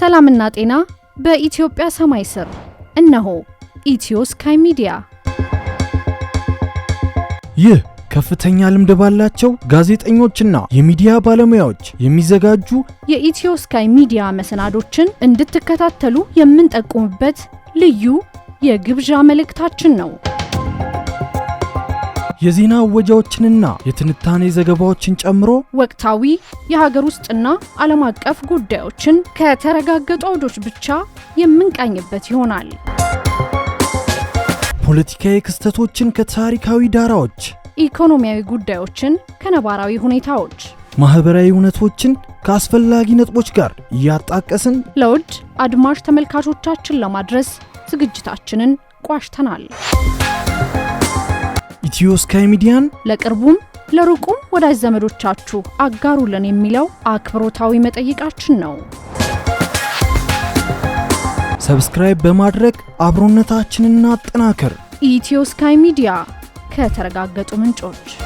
ሰላምና ጤና በኢትዮጵያ ሰማይ ስር እነሆ ኢትዮ ስካይ ሚዲያ። ይህ ከፍተኛ ልምድ ባላቸው ጋዜጠኞችና የሚዲያ ባለሙያዎች የሚዘጋጁ የኢትዮ ስካይ ሚዲያ መሰናዶችን እንድትከታተሉ የምንጠቁምበት ልዩ የግብዣ መልእክታችን ነው። የዜና እወጃዎችንና የትንታኔ ዘገባዎችን ጨምሮ ወቅታዊ የሀገር ውስጥና ዓለም አቀፍ ጉዳዮችን ከተረጋገጡ አውዶች ብቻ የምንቃኝበት ይሆናል። ፖለቲካዊ ክስተቶችን ከታሪካዊ ዳራዎች፣ ኢኮኖሚያዊ ጉዳዮችን ከነባራዊ ሁኔታዎች፣ ማህበራዊ እውነቶችን ከአስፈላጊ ነጥቦች ጋር እያጣቀስን ለውድ አድማሽ ተመልካቾቻችን ለማድረስ ዝግጅታችንን ቋሽተናል። ኢትዮ ስካይ ሚዲያን ለቅርቡም ለሩቁም ወዳጅ ዘመዶቻችሁ አጋሩልን የሚለው አክብሮታዊ መጠይቃችን ነው። ሰብስክራይብ በማድረግ አብሮነታችንን እናጠናክር። ኢትዮ ስካይ ሚዲያ ከተረጋገጡ ምንጮች